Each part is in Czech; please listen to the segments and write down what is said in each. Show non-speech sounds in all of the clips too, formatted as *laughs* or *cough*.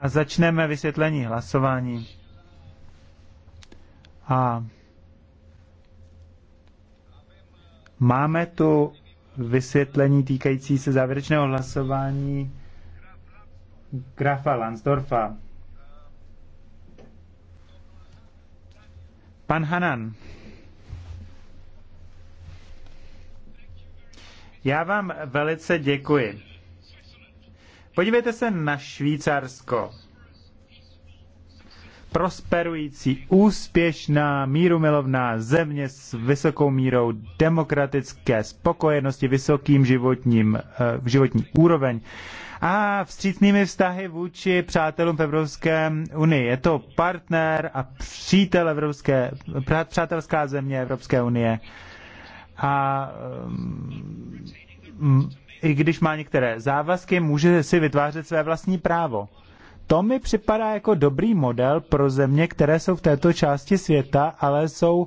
A začneme vysvětlení hlasování. A máme tu vysvětlení týkající se závěrečného hlasování grafa Lansdorfa. Pan Hanan. Já vám velice děkuji. Podívejte se na Švýcarsko. Prosperující, úspěšná, mírumilovná země s vysokou mírou demokratické spokojenosti, vysokým životním, eh, životní úroveň a vstřícnými vztahy vůči přátelům v Evropské unii. Je to partner a přítel Evropské, přátelská země Evropské unie. A mm, i když má některé závazky, může si vytvářet své vlastní právo. To mi připadá jako dobrý model pro země, které jsou v této části světa, ale jsou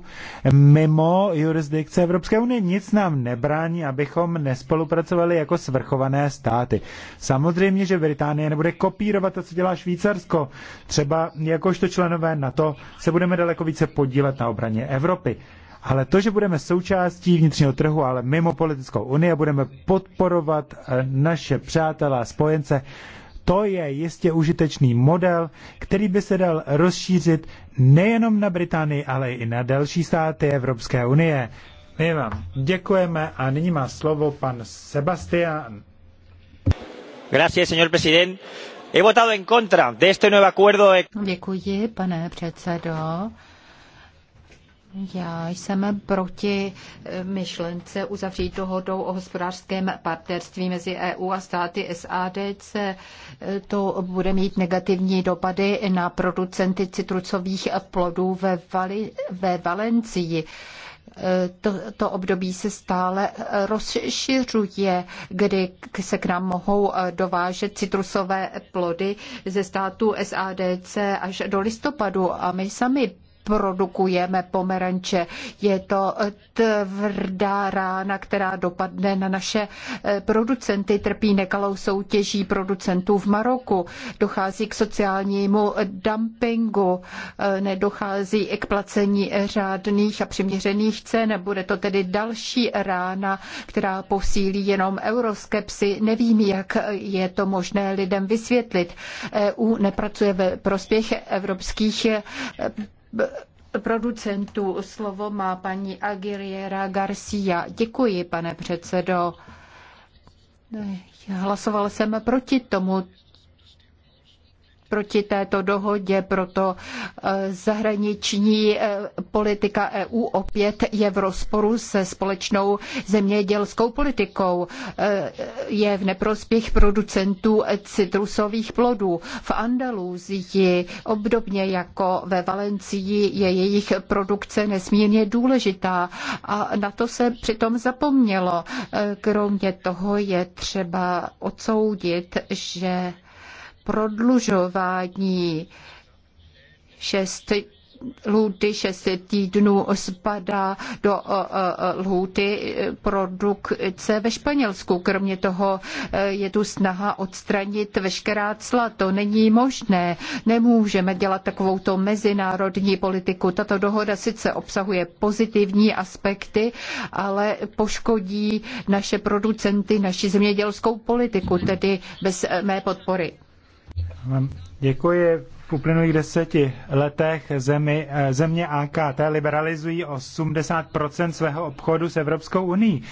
mimo jurisdikce Evropské unie. Nic nám nebrání, abychom nespolupracovali jako svrchované státy. Samozřejmě, že Británie nebude kopírovat to, co dělá Švýcarsko. Třeba jakožto členové NATO se budeme daleko více podílet na obraně Evropy. Ale to, že budeme součástí vnitřního trhu, ale mimo politickou unii a budeme podporovat eh, naše přátelé a spojence, to je jistě užitečný model, který by se dal rozšířit nejenom na Británii, ale i na další státy Evropské unie. My vám děkujeme a nyní má slovo pan Sebastián. Gracias, señor presidente. He votado en contra de este nuevo acuerdo. Děkuji, pane předsedo. Já jsem proti eh, myšlence uzavřít dohodou o hospodářském partnerství mezi EU a státy SADC. Eh, to bude mít negativní dopady na producenty citrucových plodů ve, Vali, ve Valencii eh, to, to období se stále rozšiřuje, kdy se k nám mohou dovážet citrusové plody ze státu SADC až do listopadu. A my sami produkujeme pomeranče. Je to tvrdá rána, která dopadne na naše eh, producenty. Trpí nekalou soutěží producentů v Maroku. Dochází k sociálnímu dumpingu, eh, nedochází k placení řádných a přiměřených cen. Bude to tedy další rána, která posílí jenom euroskepsy. Nevím, jak je to možné lidem vysvětlit. EU nepracuje ve prospěch evropských eh, producentů. Slovo má paní Aguilera Garcia. Děkuji, pane předsedo. Hlasoval jsem proti tomu proti této dohodě, proto eh, zahraniční eh, politika EU opět je v rozporu se společnou zemědělskou politikou. Eh, je v neprospěch producentů citrusových plodů. V Andaluzii, obdobně jako ve Valencii, je jejich produkce nesmírně důležitá a na to se přitom zapomnělo. Kromě toho je třeba odsoudit, že prodlužování šest lhůty šesti týdnů spadá do lhůty produkce ve Španělsku. Kromě toho eh, je tu snaha odstranit veškerá cla. To není možné. Nemůžeme dělat takovouto mezinárodní politiku. Tato dohoda sice obsahuje pozitivní aspekty, ale poškodí naše producenty, naši zemědělskou politiku, tedy bez eh, mé podpory. Děkuji. V uplynulých deseti letech zemi, eh, země AKT liberalizují 80 svého obchodu s Evropskou uní.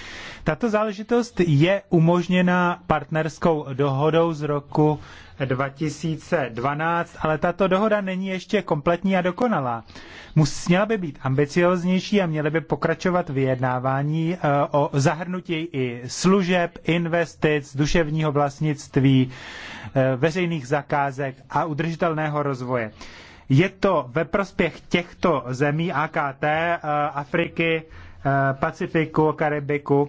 Tato záležitost je umožněna partnerskou dohodou z roku 2012, ale tato dohoda není ještě kompletní a dokonalá. Mus, měla by být ambicioznější a měly by pokračovat vyjednávání eh, o zahrnutí i služeb, investic, duševního vlastnictví, eh, veřejných zakázek a udržitelného rozvoje. Je to ve prospěch těchto zemí AKT, eh, Afriky, Pacifiku, Karibiku,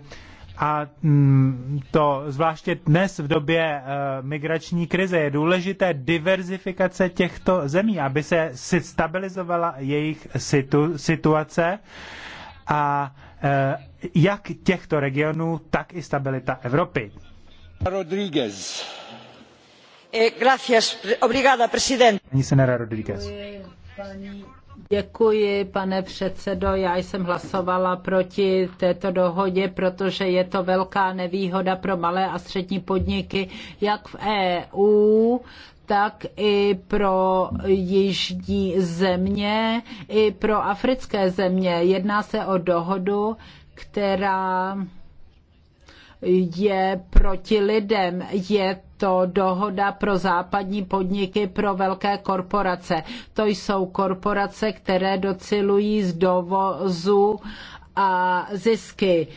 a mm, to zvláště dnes v době eh, migrační krize je důležité diverzifikace těchto zemí, aby se stabilizovala jejich situ, situace a eh, jak těchto regionů, tak i stabilita Evropy. Rodríguez. Eh, gracias. Obrigada, presidente. Paní senera Rodríguez. Paní Děkuji, pane předsedo. Já jsem hlasovala proti této dohodě, protože je to velká nevýhoda pro malé a střední podniky, jak v EU, tak i pro jižní země, i pro africké země. Jedná se o dohodu, která je proti lidem, je to dohoda pro západní podniky, pro velké korporace. To jsou korporace, které docelují z dovozu a zisky.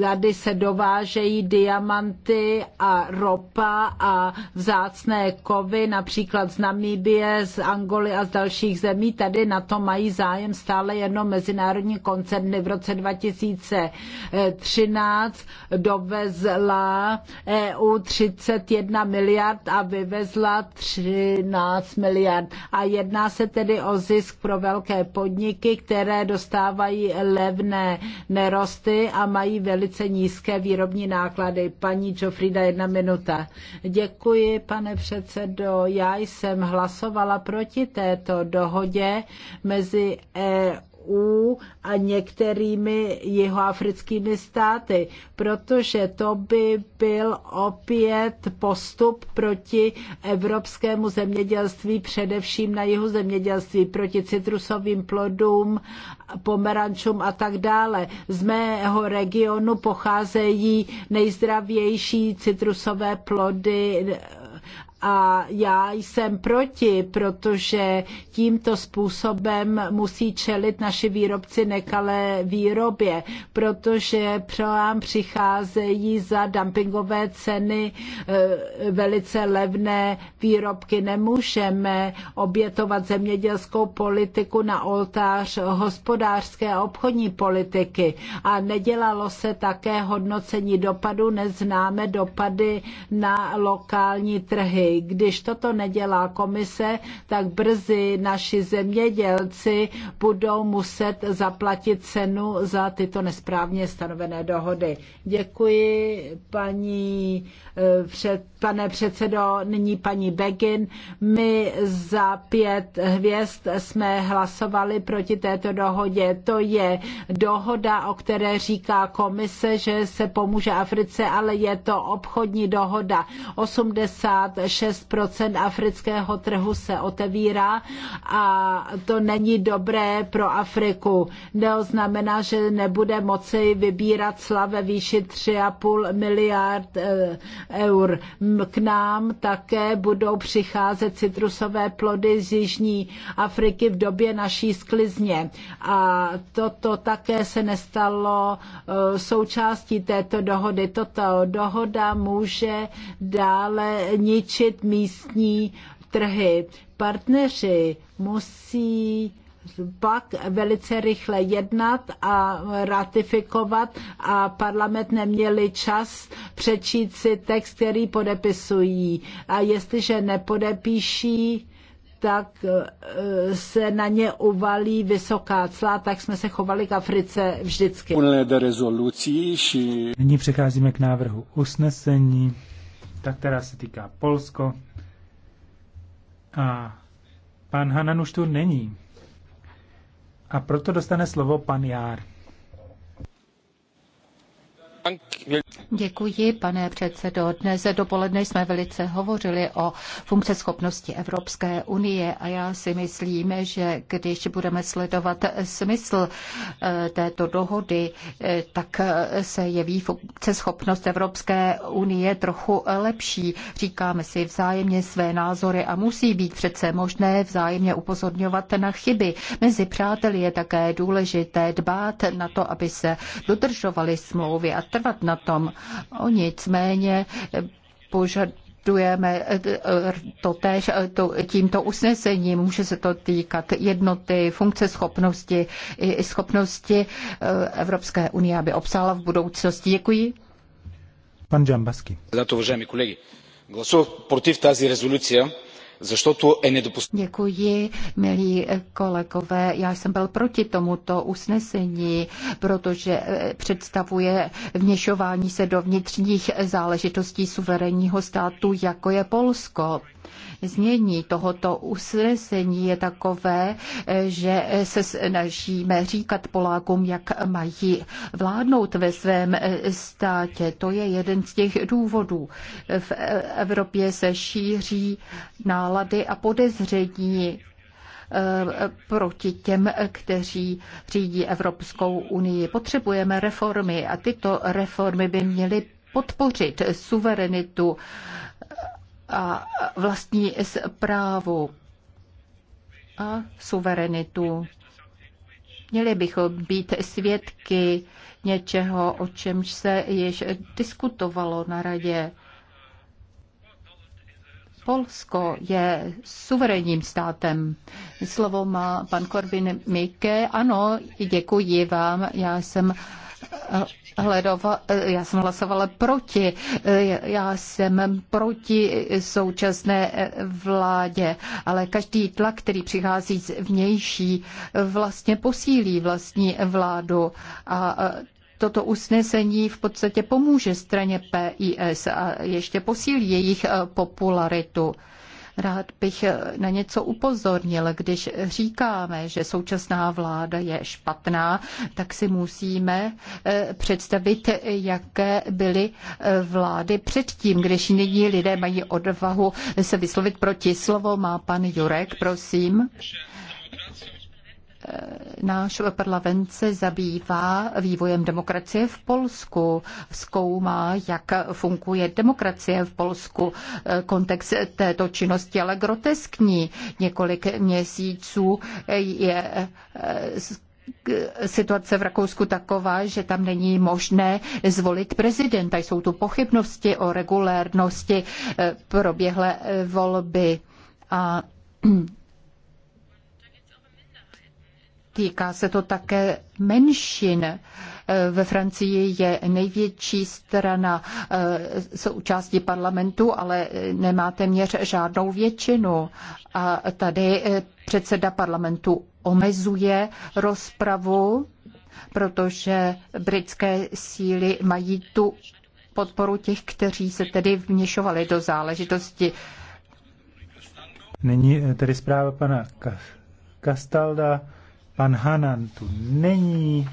Tady se dovážejí diamanty a ropa a vzácné kovy, například z Namíbie, z Angoly a z dalších zemí. Tady na to mají zájem stále jenom mezinárodní koncerny. V roce 2013 dovezla EU 31 miliard a vyvezla 13 miliard. A jedná se tedy o zisk pro velké podniky, které dostávají levné nerosty a mají velice nízké výrobní náklady. Paní Jofrida, jedna minuta. Děkuji, pane předsedo. Já jsem hlasovala proti této dohodě mezi EU EU a některými jeho africkými státy, protože to by byl opět postup proti evropskému zemědělství, především na jeho zemědělství, proti citrusovým plodům, pomerančům a tak dále. Z mého regionu pocházejí nejzdravější citrusové plody a já jsem proti, protože tímto způsobem musí čelit naši výrobci nekalé výrobě, protože pro nám přicházejí za dumpingové ceny e, velice levné výrobky. Nemůžeme obětovat zemědělskou politiku na oltář hospodářské a obchodní politiky. A nedělalo se také hodnocení dopadu, neznáme dopady na lokální trhy když toto nedělá komise, tak brzy naši zemědělci budou muset zaplatit cenu za tyto nesprávně stanovené dohody. Děkuji, paní, eh, před, pane předsedo, nyní paní Begin. My za pět hvězd jsme hlasovali proti této dohodě. To je dohoda, o které říká komise, že se pomůže Africe, ale je to obchodní dohoda. 86 6 afrického trhu se otevírá a to není dobré pro Afriku. Neoznamená, že nebude moci vybírat slave výši 3,5 miliard eh, eur. K nám také budou přicházet citrusové plody z Jižní Afriky v době naší sklizně. A toto také se nestalo eh, součástí této dohody. Toto dohoda může dále ničit podpořit místní trhy. Partneři musí pak velice rychle jednat a ratifikovat a parlament neměli čas přečíst si text, který podepisují. A jestliže nepodepíší, tak e, se na ně uvalí vysoká cla, tak jsme se chovali k Africe vždycky. Nyní přecházíme k návrhu usnesení ta, která se týká Polsko. A pan Hanan už tu není. A proto dostane slovo pan Jár. Děkuji, pane předsedo. Dnes dopoledne jsme velice hovořili o funkce schopnosti Evropské unie a já si myslím, že když budeme sledovat smysl eh, této dohody, eh, tak eh, se jeví funkce schopnost Evropské unie trochu lepší. Říkáme si vzájemně své názory a musí být přece možné vzájemně upozorňovat na chyby. Mezi přáteli je také důležité dbát na to, aby se dodržovaly smlouvy a trvat na tom. O no, nicméně požad to tež to, tímto usnesením. Může se to týkat jednoty, funkce schopnosti i schopnosti eh, Evropské unie, aby obsála v budoucnosti. Děkuji. Pan Džambasky. Za to, kolegy. Glasov protiv tazí rezoluce Děkuji, milí kolegové. Já jsem byl proti tomuto usnesení, protože eh, představuje vněšování se do vnitřních záležitostí suverénního státu, jako je Polsko znění tohoto usnesení je takové, že se snažíme říkat Polákům, jak mají vládnout ve svém státě. To je jeden z těch důvodů. V Evropě se šíří nálady a podezření eh, proti těm, kteří řídí Evropskou unii. Potřebujeme reformy a tyto reformy by měly podpořit suverenitu a vlastní zprávu a suverenitu. Měli bychom být svědky něčeho, o čemž se již diskutovalo na radě. Polsko je suverénním státem. Slovo má pan Korvin Mike. Ano, děkuji vám. Já jsem hledova, eh, já jsem hlasovala proti. Eh, já jsem proti současné eh, vládě, ale každý tlak, který přichází z vnější, vlastně posílí vlastní vládu a toto usnesení v podstatě pomůže straně PIS a ještě posílí jejich popularitu. Rád bych na něco upozornil. Když říkáme, že současná vláda je špatná, tak si musíme eh, představit, jaké byly eh, vlády předtím, když nyní lidé mají odvahu se vyslovit proti. Slovo má pan Jurek, prosím náš parlament se zabývá vývojem demokracie v Polsku, zkoumá, jak funguje demokracie v Polsku. Kontext této činnosti ale groteskní. Několik měsíců je eh, situace v Rakousku taková, že tam není možné zvolit prezidenta. Jsou tu pochybnosti o regulérnosti eh, proběhlé volby a Týká se to také menšin. Eh, ve Francii je největší strana eh, součástí parlamentu, ale nemá téměř žádnou většinu. A tady eh, předseda parlamentu omezuje rozpravu, protože britské síly mají tu podporu těch, kteří se tedy vměšovali do záležitosti. Není tedy zpráva pana Kastalda Pan Hanan tu není.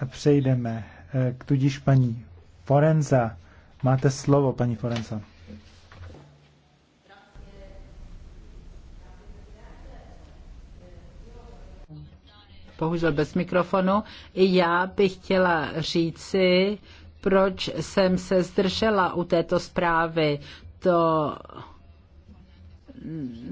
A přejdeme eh, k tudíž paní Forenza. Máte slovo, paní Forenza. bohužel bez mikrofonu. I já bych chtěla říci, proč jsem se zdržela u této zprávy. To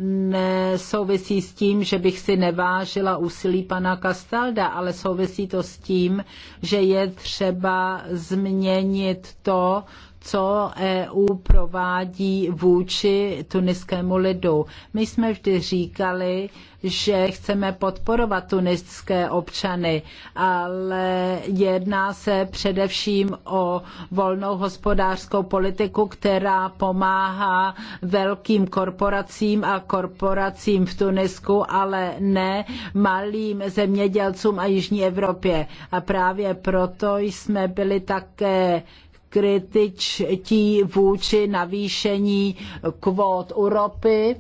nesouvisí s tím, že bych si nevážila úsilí pana Kastalda, ale souvisí to s tím, že je třeba změnit to, co EU provádí vůči tuniskému lidu. My jsme vždy říkali, že chceme podporovat tuniské občany, ale jedná se především o volnou hospodářskou politiku, která pomáhá velkým korporacím a korporacím v Tunisku, ale ne malým zemědělcům a Jižní Evropě. A právě proto jsme byli také kritičtí vůči navýšení kvót u ropy.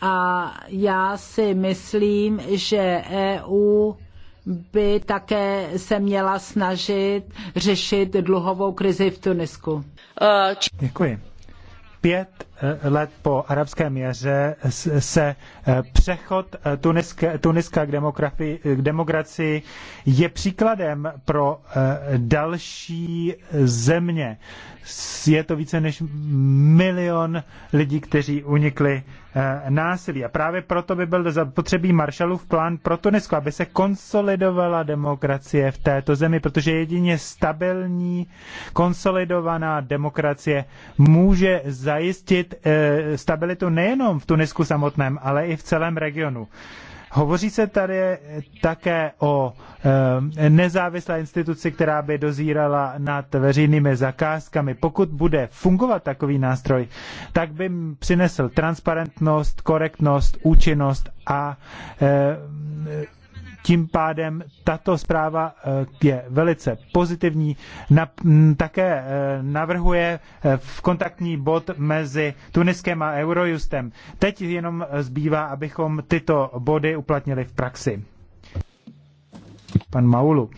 A já si myslím, že EU by také se měla snažit řešit dluhovou krizi v Tunisku. Uh, Děkuji. Pět Eh, let po arabském jaře se eh, přechod eh, Tuniska, k, k demokracii je příkladem pro další země. Je to více než milion lidí, kteří unikli násilí. A právě proto by byl zapotřebí Marshallův plán pro Tunisko, aby se konsolidovala demokracie v této zemi, protože jedině stabilní, konsolidovaná demokracie může zajistit zajistit eh, stabilitu nejenom v Tunisku samotném, ale i v celém regionu. Hovoří se tady také o eh, nezávislé instituci, která by dozírala nad veřejnými zakázkami. Pokud bude fungovat takový nástroj, tak by přinesl transparentnost, korektnost, účinnost a eh, tím pádem tato zpráva eh, je velice pozitivní. Na, také eh, navrhuje eh, v kontaktní bod mezi Tuniskem a Eurojustem. Teď jenom zbývá, abychom tyto body uplatnili v praxi. Pan Maulu.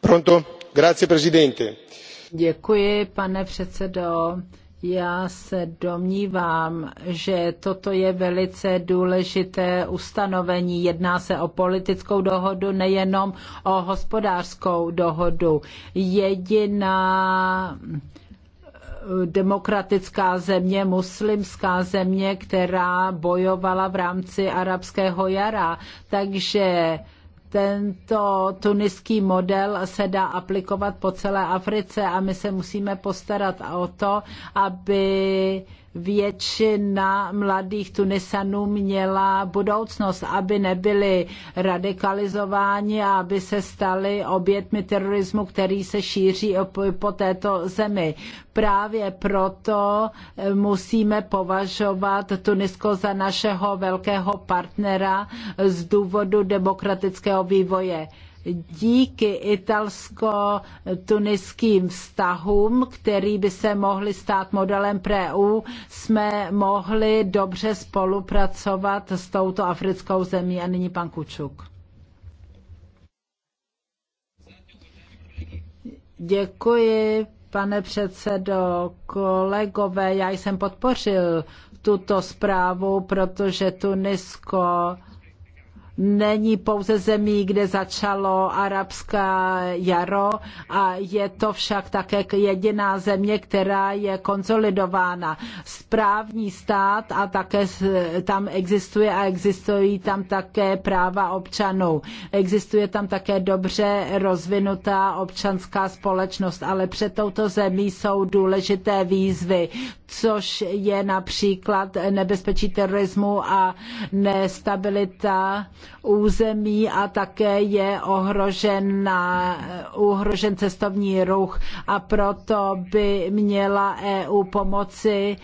Pronto, grazie presidente. Děkuji, pane předsedo. Já se domnívám, že toto je velice důležité ustanovení. Jedná se o politickou dohodu, nejenom o hospodářskou dohodu. Jediná eh, demokratická země, muslimská země, která bojovala v rámci arabského jara. Takže tento tuniský model se dá aplikovat po celé Africe a my se musíme postarat o to, aby většina mladých Tunisanů měla budoucnost, aby nebyli radikalizováni a aby se stali obětmi terorismu, který se šíří po této zemi. Právě proto eh, musíme považovat Tunisko za našeho velkého partnera z důvodu demokratického vývoje díky italsko-tuniským vztahům, který by se mohly stát modelem pro EU, jsme mohli dobře spolupracovat s touto africkou zemí. A nyní pan Kučuk. Děkuji, pane předsedo, kolegové. Já jsem podpořil tuto zprávu, protože Tunisko není pouze zemí, kde začalo arabská jaro a je to však také jediná země, která je konsolidována. Správní stát a také tam existuje a existují tam také práva občanů. Existuje tam také dobře rozvinutá občanská společnost, ale před touto zemí jsou důležité výzvy, což je například nebezpečí terorismu a nestabilita území a také je ohrožen, na, ohrožen cestovní ruch a proto by měla EU pomoci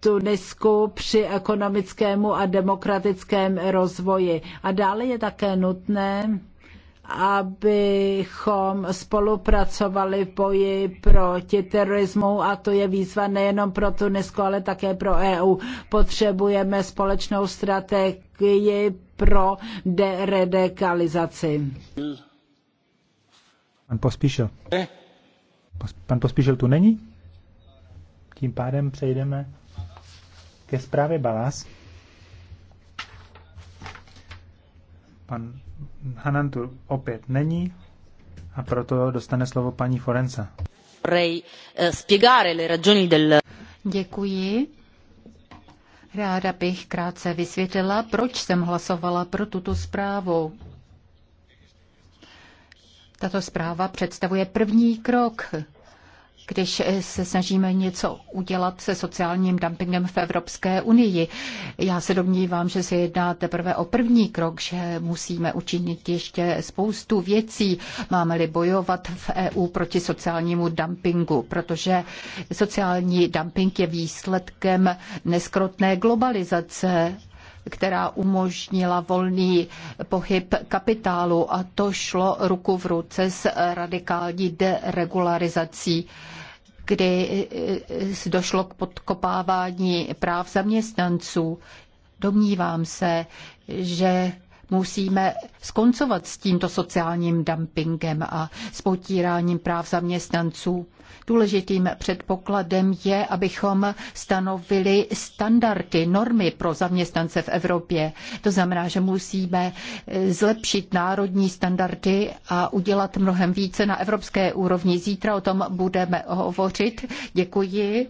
Tunisku při ekonomickému a demokratickém rozvoji. A dále je také nutné, abychom spolupracovali v boji proti terorismu a to je výzva nejenom pro Tunisko, ale také pro EU. Potřebujeme společnou strategii pro deradikalizaci. Pan Pospíšil. Pan Pospíšil tu není? Tím pádem přejdeme ke zprávě Balas. Pan Hanantu opět není a proto dostane slovo paní Forenza. Eh, Děkuji. Ráda bych krátce vysvětlila, proč jsem hlasovala pro tuto zprávu. Tato zpráva představuje první krok když se snažíme něco udělat se sociálním dumpingem v Evropské unii. Já se domnívám, že se jedná teprve o první krok, že musíme učinit ještě spoustu věcí. Máme-li bojovat v EU proti sociálnímu dumpingu, protože sociální dumping je výsledkem neskrotné globalizace která umožnila volný pohyb kapitálu a to šlo ruku v ruce s radikální deregularizací kdy eh, došlo k podkopávání práv zaměstnanců. Domnívám se, že Musíme skoncovat s tímto sociálním dumpingem a s potíráním práv zaměstnanců. Důležitým předpokladem je, abychom stanovili standardy, normy pro zaměstnance v Evropě. To znamená, že musíme eh, zlepšit národní standardy a udělat mnohem více na evropské úrovni. Zítra o tom budeme hovořit. Děkuji.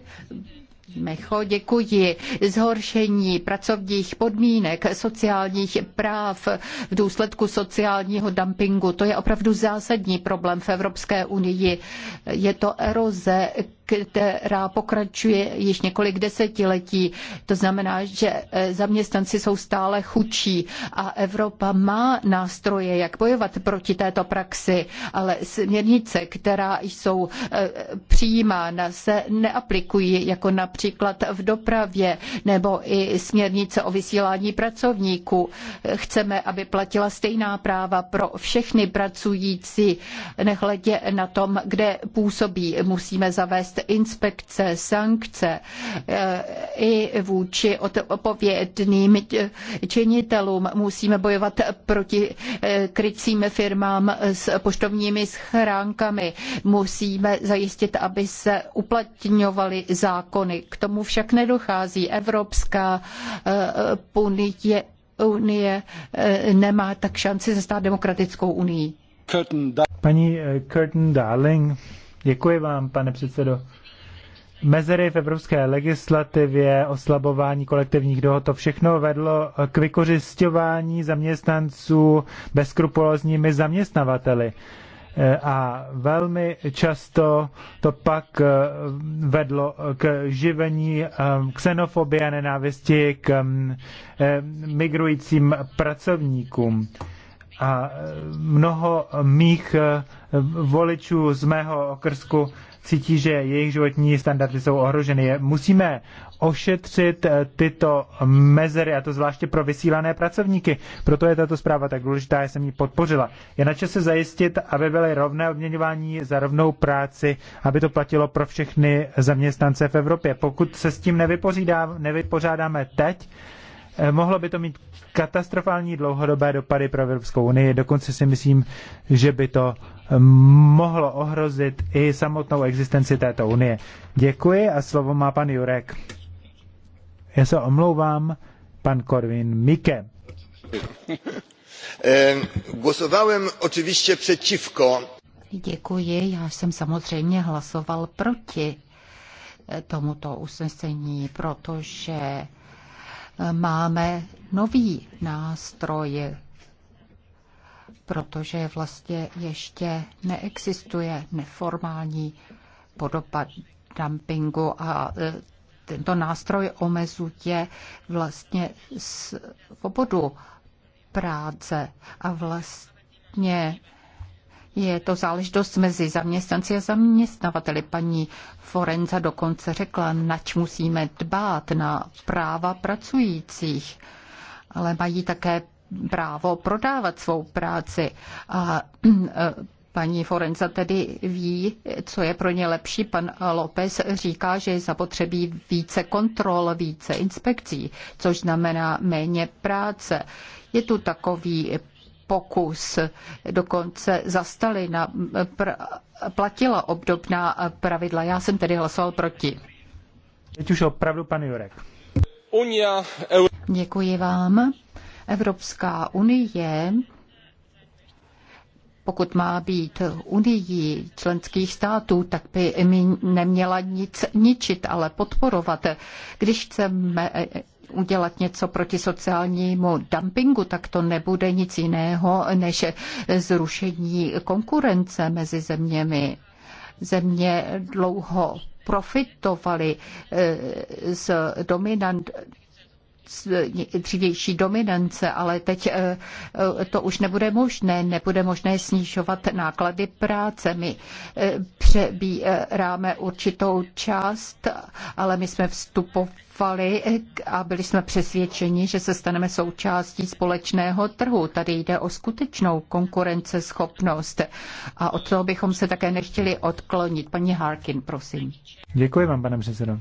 Mecho, děkuji. Zhoršení pracovních podmínek, sociálních práv v důsledku sociálního dumpingu, to je opravdu zásadní problém v Evropské unii. Je to eroze která pokračuje již několik desetiletí. To znamená, že e, zaměstnanci jsou stále chudší a Evropa má nástroje, jak bojovat proti této praxi, ale směrnice, která jsou e, přijímána, se neaplikují, jako například v dopravě nebo i směrnice o vysílání pracovníků. Chceme, aby platila stejná práva pro všechny pracující, nehledě na tom, kde působí. Musíme zavést oblast inspekce, sankce eh, i vůči odpovědným činitelům. Musíme bojovat proti eh, krycím firmám s poštovními schránkami. Musíme zajistit, aby se uplatňovaly zákony. K tomu však nedochází. Evropská eh, Unie nemá tak šanci se stát demokratickou unii. Paní Curtin Darling, Děkuji vám, pane předsedo. Mezery v evropské legislativě, oslabování kolektivních dohod, to všechno vedlo k vykořišťování zaměstnanců bezkrupulózními zaměstnavateli. E, a velmi často to pak e, vedlo k živení xenofobie e, a nenávisti k migrujícím pracovníkům. A e, mnoho mých e, voličů z mého okrsku cítí, že jejich životní standardy jsou ohroženy. Musíme ošetřit e, tyto mezery, a to zvláště pro vysílané pracovníky. Proto je tato zpráva tak důležitá, já jsem ji podpořila. Je na čase zajistit, aby byly rovné odměňování za rovnou práci, aby to platilo pro všechny zaměstnance v Evropě. Pokud se s tím nevypořádáme teď, Eh, mohlo by to mít katastrofální dlouhodobé dopady pro Evropskou unii. Dokonce si myslím, že by to eh, mohlo ohrozit i samotnou existenci této unie. Děkuji a slovo má pan Jurek. Já se omlouvám, pan Korvin Mike. *laughs* Głosowałem oczywiście przeciwko. Děkuji, já jsem samozřejmě hlasoval proti eh, tomuto usnesení, protože máme nový nástroj, protože vlastně ještě neexistuje neformální podoba dumpingu a e, tento nástroj omezuje vlastně svobodu práce a vlastně je to záležitost mezi zaměstnanci a zaměstnavateli. Paní Forenza dokonce řekla, nač musíme dbát na práva pracujících, ale mají také právo prodávat svou práci. A eh, paní Forenza tedy ví, co je pro ně lepší. Pan López říká, že je zapotřebí více kontrol, více inspekcí, což znamená méně práce. Je tu takový pokus. Dokonce za Stalina platila obdobná pravidla. Já jsem tedy hlasoval proti. Teď už opravdu, pan Jurek. Děkuji vám. Evropská unie pokud má být unii členských států, tak by mi neměla nic ničit, ale podporovat. Když chceme udělat něco proti sociálnímu dumpingu, tak to nebude nic jiného než zrušení konkurence mezi zeměmi. Země dlouho profitovaly eh, z dominant dřívější dominance, ale teď eh, eh, to už nebude možné. Nebude možné snižovat náklady práce. My eh, přebíráme určitou část, ale my jsme vstupovali a byli jsme přesvědčeni, že se staneme součástí společného trhu. Tady jde o skutečnou konkurenceschopnost a od toho bychom se také nechtěli odklonit. Paní Harkin, prosím. Děkuji vám, pane předsedo.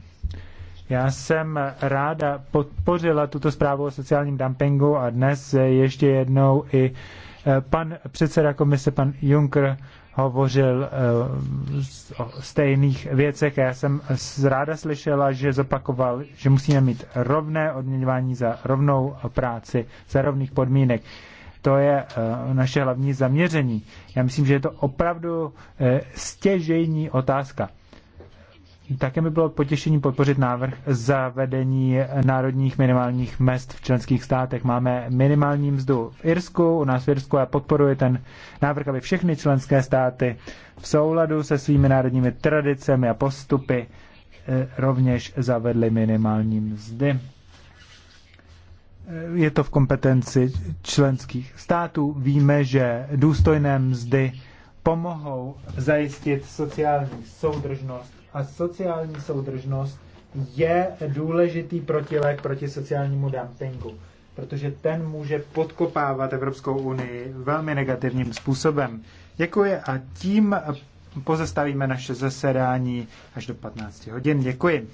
Já jsem ráda podpořila tuto zprávu o sociálním dumpingu a dnes ještě jednou i eh, pan předseda komise, pan Juncker, hovořil eh, o stejných věcech. Já jsem ráda slyšela, že zopakoval, že musíme mít rovné odměňování za rovnou práci, za rovných podmínek. To je eh, naše hlavní zaměření. Já myslím, že je to opravdu stěžejní otázka. Také by bylo potěšení podpořit návrh zavedení národních minimálních mest v členských státech. Máme minimální mzdu v Irsku, u nás v Irsku a podporuje ten návrh, aby všechny členské státy v souladu se svými národními tradicemi a postupy e, rovněž zavedly minimální mzdy. E, je to v kompetenci členských států. Víme, že důstojné mzdy pomohou zajistit sociální soudržnost a sociální soudržnost je důležitý protilek proti sociálnímu dumpingu, protože ten může podkopávat Evropskou unii velmi negativním způsobem. Děkuji a tím pozastavíme naše zasedání až do 15 hodin. Děkuji.